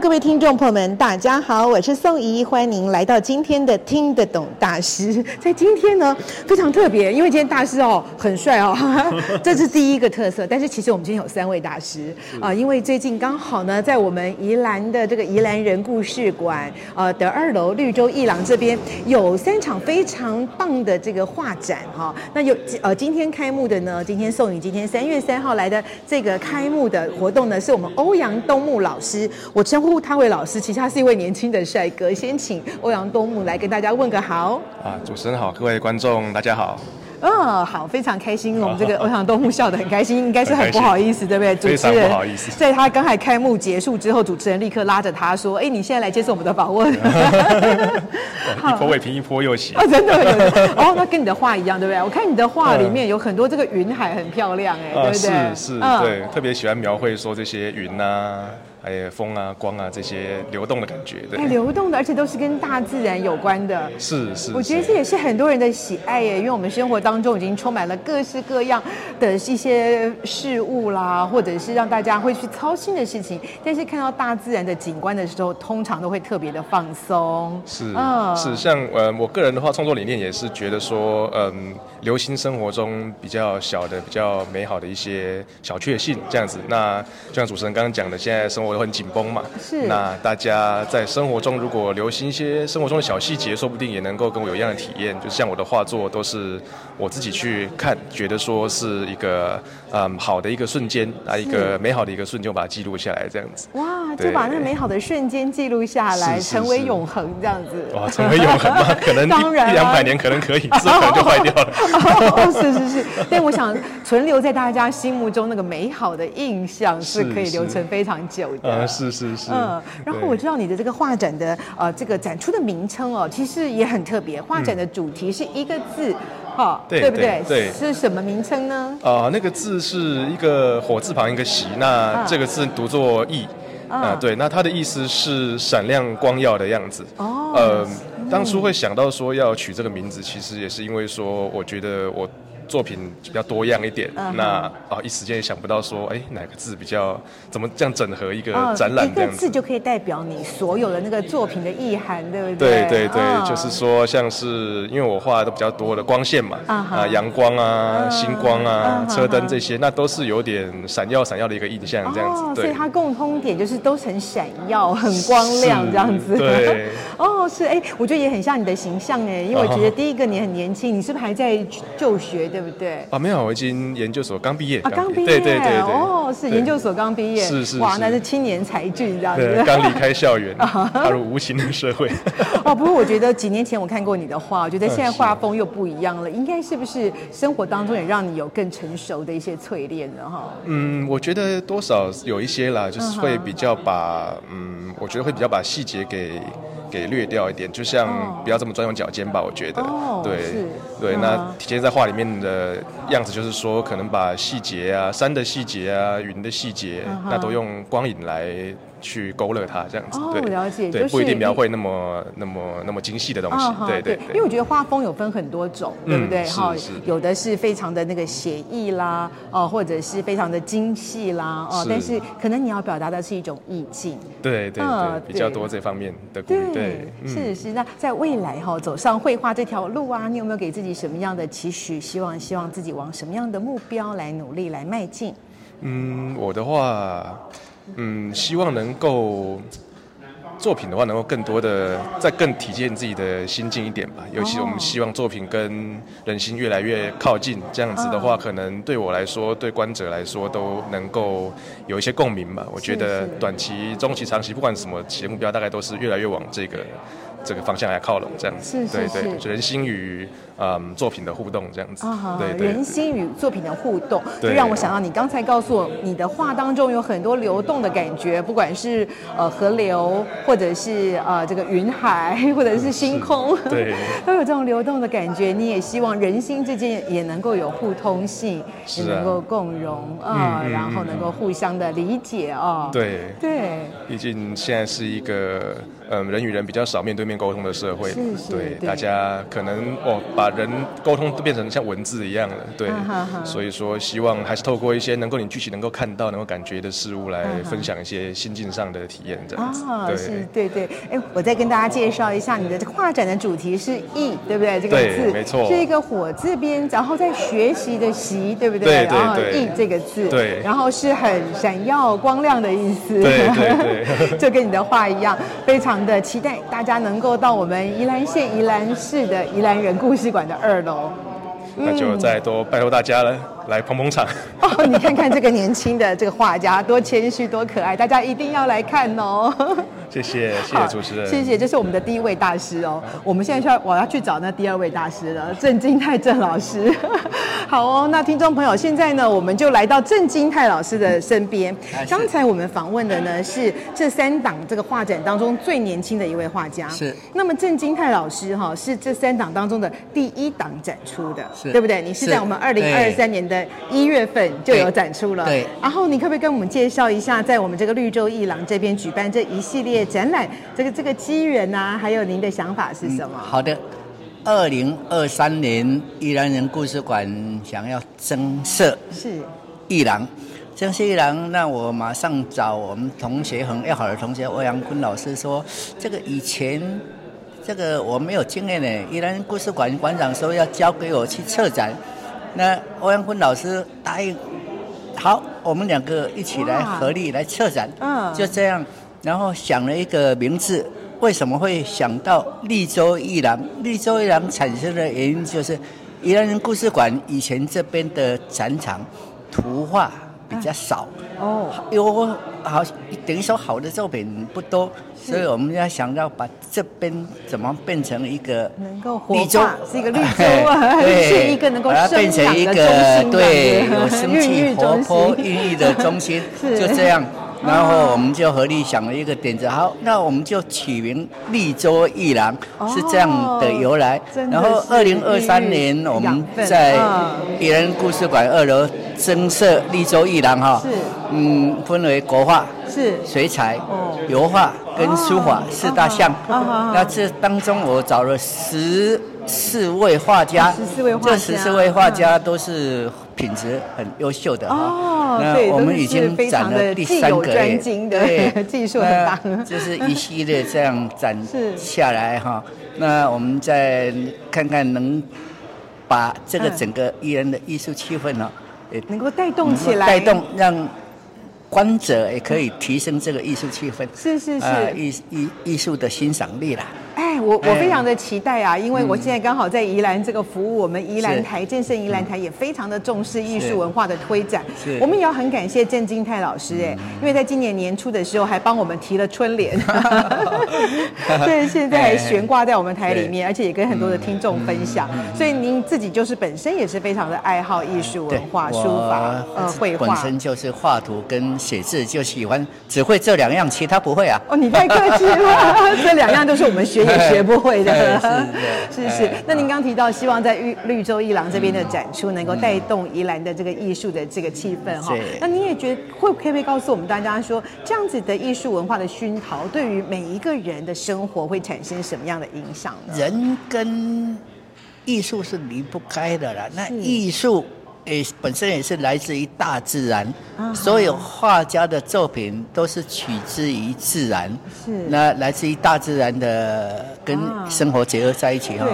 各位聽眾朋友們，大家好，我是宋怡，歡迎您來到今天的聽得懂大師。在今天呢，非常特別，因為今天大師哦很帥哦，這是第一個特色。 但是其實我們今天有三位大師啊、呃，因為最近剛好呢，在我們宜蘭的這個宜蘭人故事館呃的二樓綠洲藝廊這邊有三場非常棒的這個畫展哈、哦。那有呃今天開幕的呢，今天宋怡今天三月三號來的這個開幕的活動呢，是我們歐陽東牧老師，我稱湯偉老師，其實他是一位年輕的帥哥。先請歐陽東牧來跟大家問個好。啊，主持人好，各位觀眾大家好。嗯、哦，好，非常開心。我們這個歐陽東牧笑得很開心， 開心應該是很不好意思，對不對？非常不好意思。在他剛才開幕結束之後，主持人立刻拉着他說：“哎、欸，你現在來接受我們的訪問。 好”一波未平一波又起。啊、 哦，真的。哦，那跟你的畫一樣，對不對？我看你的畫裡面有很多這個雲海，很漂亮哎，嗯、對不對？啊、是是，對，嗯、特別喜歡描繪說這些雲吶、啊。哎、風啊、光啊，這些流動的感覺，對、欸，流動的，而且都是跟大自然有關的。是是，是我覺得這也是很多人的喜愛耶，對因為我們生活當中已經充滿了各式各樣的一些事物啦，或者是讓大家會去操心的事情，但是看到大自然的景觀的時候，通常都會特別的放鬆。是，嗯、是，像呃，我個人的話，創作理念也是覺得說，嗯、呃，留心生活中比較小的、比較美好的一些小確幸這樣子。那就像主持人剛剛講的，現在生活，很緊繃嘛，是。那大家在生活中如果留心一些生活中的小細節，說不定也能夠跟我有一樣的體驗。就像我的畫作，都是我自己去看，覺得說是一個嗯好的一個瞬間是啊，一個美好的一個瞬間，我把它記錄下來，這樣子。哇，對就把那美好的瞬間記錄下來，是是是成為永恆，這樣子。哇，成為永恆嗎？ 可能一當然、啊、一兩百年可能可以，之後 可能就壞掉了 哦。是是是。但我想存留在大家心目中那個美好的印象是可以留存非常久的。啊嗯、是是是。嗯、呃，然後我知道你的這個畫展的，對呃，這個展出的名稱哦，其實也很特別。畫展的主題是一個字，哈、嗯哦，對不對？對，對是什麼名稱呢？啊、呃，那個字是一個火字旁一個“習”，那這個字讀作“熠”。啊、呃，對，那它的意思是閃亮光耀的樣子。哦，呃，嗯、當初會想到說要取這個名字，其實也是因為說，我覺得我。作品比較多樣一點，那啊一時間也想不到說，哎哪個字比較怎麼這樣整合一個展覽，一個字就可以代表你所有的那個作品的意涵，對不對？對對對，就是說像是因為我畫的都比較多的光線嘛，啊陽光啊星光啊車燈這些，那都是有點閃耀閃耀的一個印象這樣子。所以它共通點就是都是很閃耀，很光亮這樣子。對，哦是哎，我覺得也很像你的形象哎，因為我覺得第一個你很年輕，你是不是還在就學的？對不對？啊，沒有，我已經研究所剛畢業啊，剛畢業，對對對哦，是研究所剛畢業，是是是，哇，那是青年才俊，知道嗎？剛離開校園，踏入無情的社會。哦，不過我覺得幾年前我看過你的畫，我覺得現在畫風又不一樣了，應該是不是生活當中也讓你有更成熟的一些淬煉呢？哈？嗯，我覺得多少有一些啦，就是會比較把，嗯，我覺得會比較把細節給。給略掉一點，就像不要這麼鑽牛角尖吧，我覺得。哦、對，是對，uh huh. 那體現在畫裡面的樣子，就是說可能把細節啊、山的細節啊、雲的細節，uh huh. 那都用光影來。去勾勒它這樣子，對，就是不一定描繪那麼那麼那麼精細的東西，對對，因為我覺得畫風有分很多種，對不對？哈，有的是非常的那個寫意啦，哦，或者是非常的精細啦，哦，但是可能你要表達的是一種意境，對對對，比較多這方面的。對，是是。那在未來哈，走上繪畫這條路啊，你有沒有給自己什麼樣的期許？希望希望自己往什麼樣的目標來努力來邁進？嗯，我的話。嗯，希望能夠作品的話，能夠更多的再更體現自己的心境一點吧。尤其我們希望作品跟人心越來越靠近，這樣子的話，可能對我來說，對觀者來說都能夠有一些共鳴吧。我覺得短期、中期、長期，不管什麼企業目標，大概都是越來越往這個。這個方向來靠攏，這樣子，對對對，人心與、嗯、作品的互動這樣子，啊哈哈對，對人心與作品的互動，對就讓我想到你剛才告訴我，你的畫當中有很多流動的感覺，對不管是、呃、河流，或者是呃這個雲海，或者是星空，對，都有這種流動的感覺。你也希望人心之間也能夠有互通性，啊、也能夠共融啊，呃、嗯嗯嗯嗯，然後能夠互相的理解哦，對、呃、對，畢竟對現在是一個。嗯，人與人比較少面對面溝通的社會，是是對，對大家可能哦，把人溝通都變成像文字一樣的，對，啊、哈哈所以說希望還是透過一些能夠你具體能夠看到、能夠感覺的事物來分享一些心境上的體驗這樣子。啊哈，對是對，對對。哎、欸，我再跟大家介紹一下，你的畫展的主題是“熠”，對不對？這個字沒錯，是一個火字邊，然後在學習的“習”，對不對？對對，熠這個字，對，然後是很閃耀、光亮的意思，對，對對對， 就跟你的畫一樣，非常的期待，大家能夠到我們宜蘭縣宜蘭市的宜蘭人故事館的二樓，那就再多拜托大家了。嗯來捧捧場哦！你看看這個年輕的這個畫家 多謙虛，多可愛，大家一定要來看哦。謝謝謝謝主持人，謝謝，這是我們的第一位大師哦。嗯、我們現在需要，我要去找那第二位大師了，鄭金泰鄭老師。好哦，那聽眾朋友，現在呢，我們就來到鄭金泰老師的身邊。哎、剛才我們訪問的呢是這三檔這個畫展當中最年輕的一位畫家。是。那麼鄭金泰老師哈、哦、是這三檔當中的第一檔展出的，是對不對？你是在我們二零二三年的。哎一月份就有展出了，對。對，然後你可不可以跟我們介紹一下，在我們這個綠洲藝廊這邊舉辦這一系列展覽，嗯、這個這個機緣啊，還有您的想法是什麼？嗯、好的，二零二三年，宜蘭人故事館想要增設是藝廊，增設藝廊，那我馬上找我們同學很要好的同學歐陽鯤老師說，這個以前這個我沒有經驗的，宜蘭人故事館館長說要交給我去策展。那歐陽鯤老師答應，好，我們兩個一起來合力來策展，Wow . uh. 就這樣，然後想了一個名字。為什麼會想到綠洲藝廊？綠洲藝廊產生的原因就是，宜蘭人故事館以前這邊的展場圖畫。比較少、哎、哦，有好等於說，好的作品不多，是所以我們要想到把這邊怎麼變成一個，能夠活化是一個綠洲， 對，把它變成一個對有生氣活潑孕育的中心， 是，就這樣。然後我們就合力想了一個點子，好，那我們就取名綠洲藝廊，哦，是這樣的由來。然後二零二三年我們在別人故事館二樓。增設綠洲藝廊哈，是，嗯，分為國畫、是水彩、油畫跟書法四大項。啊哈，那這當中我找了十四位畫家，十四位畫家，這十四位畫家都是品質很優秀的啊。那我們已經展了第三個耶，對，技術的，就是一系列這樣展下來哈。那我們再看看能把這個整個藝人的藝術氣氛呢？能夠帶動起來，帶動讓觀者也可以提升這個藝術氣氛，是是是，呃、藝藝藝術的欣賞力啦。哎，我我非常的期待啊，因為我現在剛好在宜蘭這個服務我們宜蘭台，正聲宜蘭台也非常的重視藝術文化的推展。我們也要很感謝鄭金太老師哎，因為在今年年初的時候還幫我們提了春聯，對，現在懸掛在我們台裡面，而且也跟很多的聽眾分享。所以您自己就是本身也是非常的愛好藝術文化、書法、繪畫，本身就是畫圖跟寫字就喜歡，只會這兩樣，其他不會啊。哦，你太客氣了，這兩樣都是我們學學不會的，是是。那您剛提到，希望在綠綠洲藝廊這邊的展出，能夠帶動宜蘭的這個藝術的這個氣氛哈。嗯嗯、那您也覺得，會不會告訴我們大家說，這樣子的藝術文化的熏陶，對於每一個人的生活會產生什麼樣的影響呢？人跟藝術是離不開的了。那藝術。本身也是來自於大自然，所有畫家的作品都是取之於自然，是那來自於大自然的，跟生活結合在一起哈。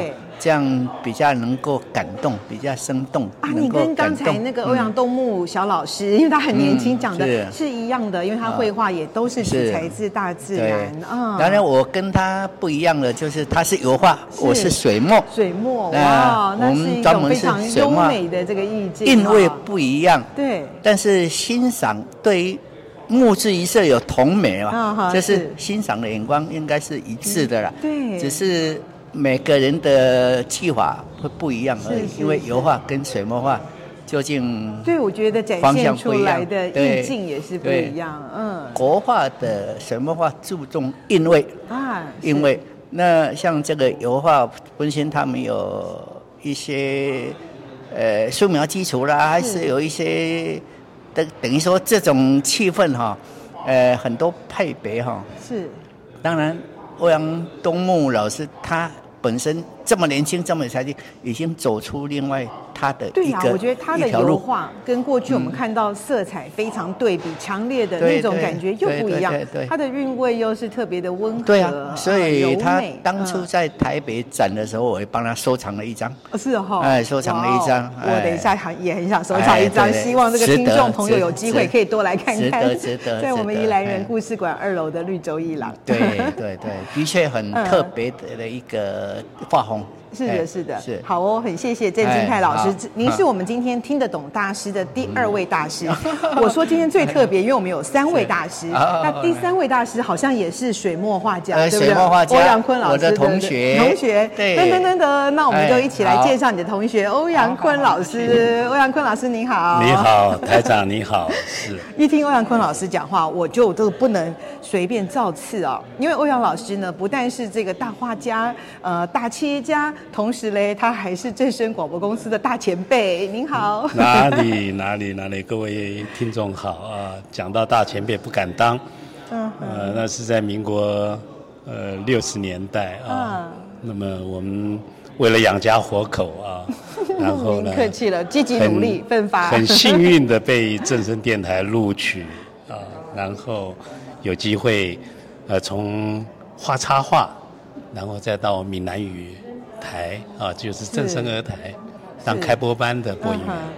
這樣比較能夠感動，比較生動啊！你跟剛才那個歐陽東牧小老師，因為他很年輕講的是一樣的，因為他繪畫也都是取材自大自然啊。當然我跟他不一樣的就是他是油畫，我是水墨，水墨哇，那是一種非常優美的這個意境，韻味不一樣。對，但是欣賞對於木質一色有同美嘛？這是欣賞的眼光應該是一致的啦。對，只是。每個人的技法會不一樣而已，因為油畫跟水墨畫究竟對，我覺得展現出來的意境也是不一樣。嗯，國畫的水墨畫注重韻味，啊，韻味。那像這個油畫，本身，他們有一些呃素描基礎啦，還是有一些是等等於說這種氣氛哈，呃很多派別哈。是，當然歐陽東牧老師他。本身。這麼年輕，這麼有才氣，已經走出另外他的一條路。對呀，我覺得他的油畫跟過去我們看到色彩非常對比強烈的那種感覺又不一樣，對，他的韻味又是特別的溫和，所以他當初在台北展的時候，我也幫他收藏了一張，是哦，哎，收藏了一張。我等一下很也很想收藏一張，希望這個聽眾朋友有機會可以多來看看，值得在我們宜蘭人故事館二樓的綠洲藝廊。對對對，的確很特別的一個畫。是的，是的，好哦，很謝謝鄭金太老師，您是我們今天聽得懂大師的第二位大師。我說今天最特別，因為我們有三位大師，那第三位大師好像也是水墨畫家，對不對？水墨畫家歐陽鯤老師我的同學，同學，對。噔噔噔噔，那我們就一起來介紹你的同學歐陽鯤老師。歐陽鯤老師你好，你好，台長你好，是一聽歐陽鯤老師講話，我就都不能隨便造次哦，因為歐陽老師呢，不但是這個大畫家，呃，大企業家。同時嘞，他還是正聲廣播公司的大前輩。您好。 哪裡哪裡哪裡，各位聽眾好啊！講到大前輩不敢當。嗯、uh。Huh. 呃，那是在民國呃六十年代啊。呃 uh huh. 那麼我們為了養家活口啊，然後呢。 客氣了，積極努力，奮很發。很幸運的被正聲電台錄取啊、呃，然後有機會呃從畫插畫，然後再到閩南語。台啊，就是正聲二台，是當開播班的播音、啊、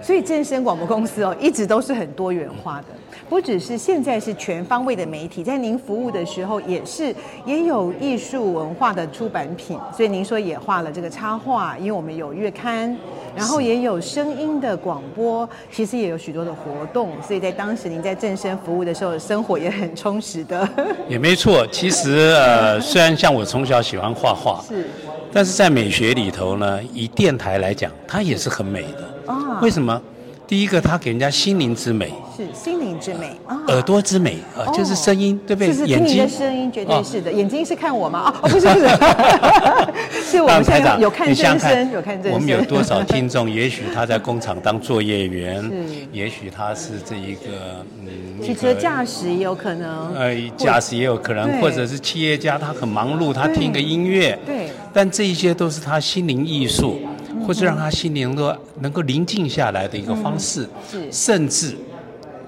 所以正聲廣播公司哦，一直都是很多元化的，嗯、不只是現在是全方位的媒體，在您服務的時候也是也有藝術文化的出版品。所以您說也畫了這個插畫，因為我們有月刊。然後也有聲音的廣播，其實也有許多的活動，所以在當時您在正聲服務的時候，生活也很充實的。也沒錯，其實 呃，雖然像我從小喜歡畫畫，是，但是在美學裡頭呢，以電台來講，它也是很美的。啊、哦，為什麼？第一個，他給人家心靈之美，是心靈之美啊！耳朵之美啊，就是聲音，對不對？就是聽你的聲音，絕對是的。眼睛是看我嗎？啊不是，不是，是我們現在有看這。我們有多少聽眾？也許他在工廠當作業員，也許他是這一個嗯，汽車駕駛也有可能。呃，駕駛也有可能，或者是企業家，他很忙碌，他聽個音樂，對。但這一些都是他心靈藝術。或是讓他心靈都能夠寧靜下來的一個方式，甚至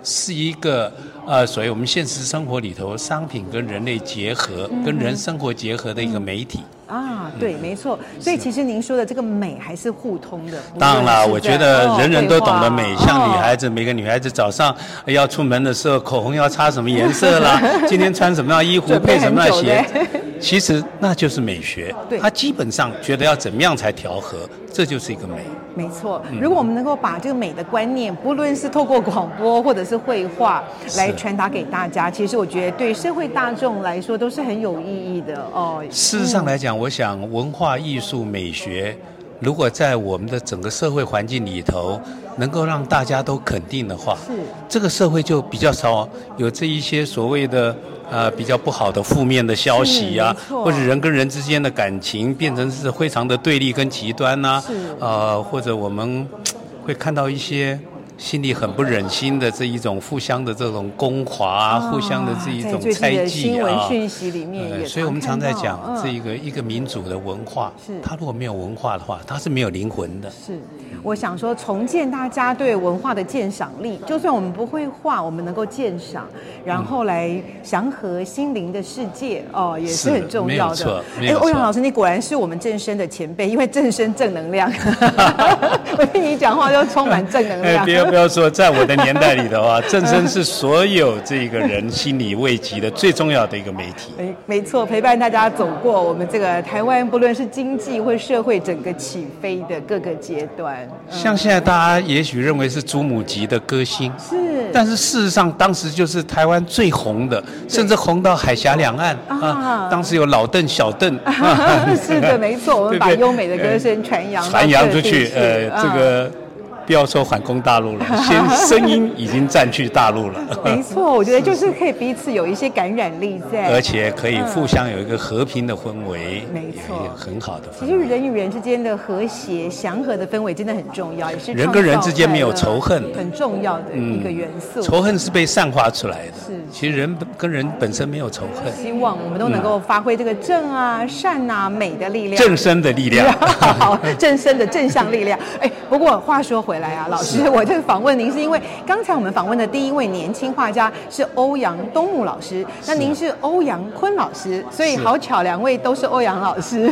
是一個呃，所以我們現實生活裡頭商品跟人類結合，跟人生活結合的一個媒體。啊，對，沒錯。所以其實您說的這個美還是互通的。當然啦，我覺得人人都懂得美，像女孩子，每個女孩子早上要出門的時候，口紅要擦什麼顏色啦，今天穿什麼樣衣服，配什麼樣鞋。其實那就是美學，對，他基本上覺得要怎麼樣才調和，這就是一個美。沒錯，嗯、如果我們能夠把這個美的觀念，不論是透過廣播或者是繪畫來傳達給大家，是其實我覺得對社會大眾來說都是很有意義的哦。事實上來講，嗯、我想文化藝術美學，如果在我們的整個社會環境裡頭能夠讓大家都肯定的話，是這個社會就比較少有這一些所謂的。呃，比較不好的負面的消息啊，啊或者人跟人之間的感情變成是非常的對立跟極端吶，啊，的呃，或者我們會看到一些。心裡很不忍心的這一種互相的這種攻華、啊，哦、互相的這一種猜忌啊。在最近的新聞訊息裡面也、嗯，所以我們常在講、哦、這一個一個民族的文化。是。他如果沒有文化的話，他是沒有靈魂的。是。我想說，重建大家對文化的鑑賞力，就算我們不會畫，我們能夠鑑賞，然後來祥和心靈的世界哦，也是很重要的。沒錯。哎，歐陽、欸、老師，你果然是我們正身的前輩，因為正身正能量。我 聽 你講話都充滿正能量。 不要說在我的年代裡的話，鄭聲是所有這個人心理慰藉的最重要的一個媒體。哎，沒錯，陪伴大家走過我們這個台灣，不論是經濟或社會整個起飛的各個階段。嗯、像現在大家也許認為是祖母級的歌星，是，但是事實上當時就是台灣最紅的，甚至紅到海峽兩岸對啊。啊當時有老鄧、小鄧、啊、 是的，沒錯，我們把優美的歌聲傳揚、呃。傳揚出去，呃，這個。嗯不要說反攻大陸了，先聲音已經占據大陸了。 沒錯，我覺得就是可以彼此有一些感染力在，是是是而且可以互相有一個和平的氛圍。嗯、沒錯，有很好的氛圍。其實人與人之間的和諧、祥和的氛圍真的很重要，也是人跟人之間沒有仇恨很重要的一個元素。仇恨是被散發出來的。是，是，其實人跟人本身沒有仇恨。希望我們都能夠發揮這個正啊、嗯、善啊、美的力量。正身的力量， 正身的正向力量。哎，不過話說回來。來啊，老師，我就訪問您是因為剛才我們訪問的第一位年輕畫家是歐陽東牧老師，那您是歐陽鯤老師，所以好巧，兩位都是歐陽老師。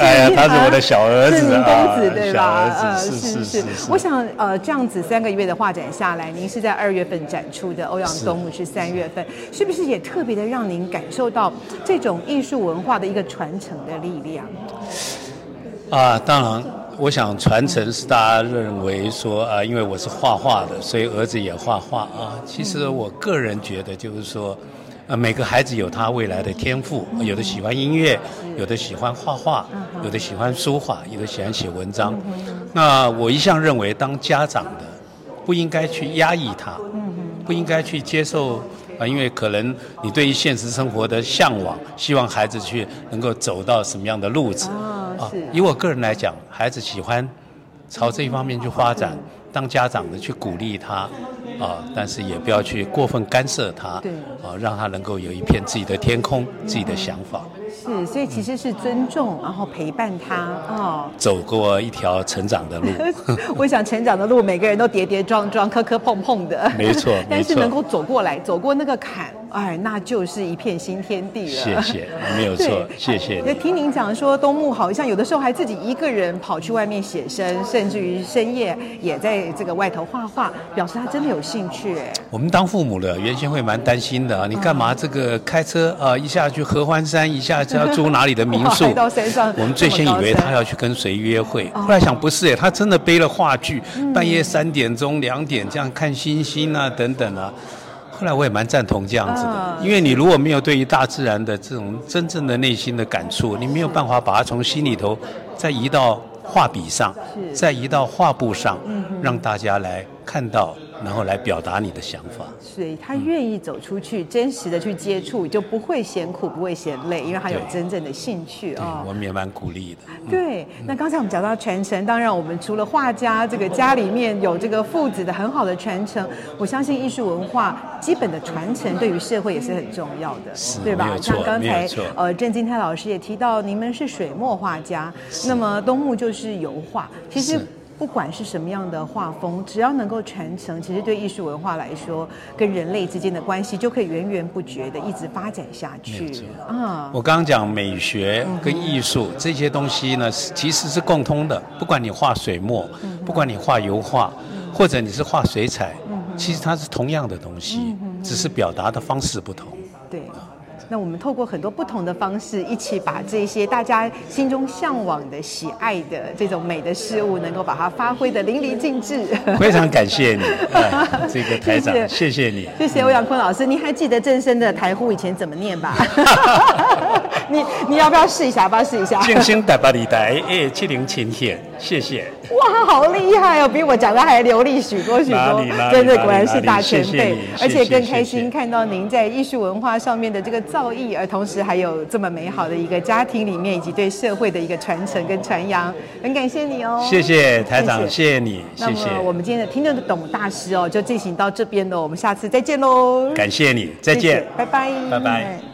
哎呀，他是我的小兒子，是您公子對吧？是是是。我想呃，這樣子三個月的畫展下來，您是在二月份展出的，歐陽東牧是三月份，是不是也特別的讓您感受到這種藝術文化的一個傳承的力量？啊，當然。我想傳承是大家認為說啊、呃，因為我是畫畫的，所以兒子也畫畫啊。其實我個人覺得就是說，呃，每個孩子有他未來的天賦，有的喜歡音樂，有的喜歡畫畫，有的喜歡書畫，有的喜歡，有的喜歡寫文章。那我一向認為，當家長的不應該去壓抑他，不應該去接受啊、呃，因為可能你對於現實生活的向往，希望孩子去能夠走到什麼樣的路子。啊、哦，以我個人來講，孩子喜歡朝這一方面去發展，當家長的去鼓勵他，啊、呃，但是也不要去過分干涉他，對，啊，讓他能夠有一片自己的天空，自己的想法。是，所以其實是尊重，嗯、然後陪伴他，哦，走過一條成長的路。 我想成長的路，每個人都跌跌撞撞、磕磕碰碰的，沒錯，沒錯，但是能夠走過來，走過那個坎。哎，那就是一片新天地了。謝謝，沒有錯，對謝謝你。聽您講說，東牧好像有的時候還自己一個人跑去外面寫生，甚至於深夜也在這個外頭畫畫，表示他真的有興趣。我們當父母的，原先會蠻擔心的啊，嗯、你干嘛這個開車啊、呃，一下去合歡山，一下要租哪裡的民宿？到山上。我們最先以為他要去跟誰約會，嗯、後來想不是哎，他真的背了畫具、嗯、半夜三點鐘、兩點這樣看星星啊，等等啊。後來我也蠻贊同這樣子的，因為你如果沒有對於大自然的這種真正的內心的感觸，你沒有辦法把它從心裡頭再移到畫筆上，再移到畫布上，讓大家來看到。然後來表達你的想法，所以他願意走出去，嗯、真實的去接觸，就不會嫌苦，不會嫌累，因為他有真正的興趣啊對、哦。我們也蠻鼓勵的。嗯、對，那剛才我們講到傳承，當然我們除了畫家，這個家裡面有這個父子的很好的傳承，我相信藝術文化基本的傳承對於社會也是很重要的，是對吧？像剛才呃鄭金太老師也提到，您們是水墨畫家，是那麼東牧就是油畫，其實。不管是什麼樣的畫風，只要能夠傳承，其實對藝術文化來說，跟人類之間的關係就可以源源不絕的一直發展下去。沒錯，啊，uh, 我剛剛講美學跟藝術、嗯哼、這些東西呢，其實是共通的。不管你畫水墨，嗯哼、不管你畫油畫，嗯哼、或者你是畫水彩，嗯哼、其實它是同樣的東西，嗯、哼哼只是表達的方式不同。對。那我們透過很多不同的方式，一起把這些大家心中向往的、喜愛的這種美的事物，能夠把它發揮得淋漓盡致。非常感謝你，哎、這個台長，謝謝，謝謝你。謝謝歐陽鯤老師，您還記得正聲的台呼以前怎麼念吧？ 你你要不要試一下？要不要試一下？正聲台北電台，七零七天謝謝。哇，好厲害哦！比我講的還流利許多許多，真的哪裡，果然是大前輩，謝謝謝謝，而且更開心看到您在藝術文化上面的這個造詣，而同時還有這麼美好的一個家庭裡面，以及對社會的一個傳承跟傳揚，很感謝你哦！謝謝，謝、謝台長，謝謝你。謝謝，那麼我們今天的聽得懂大師哦，就進行到這邊了，我們下次再見嘍！感謝你，再見，拜拜，拜拜。拜拜。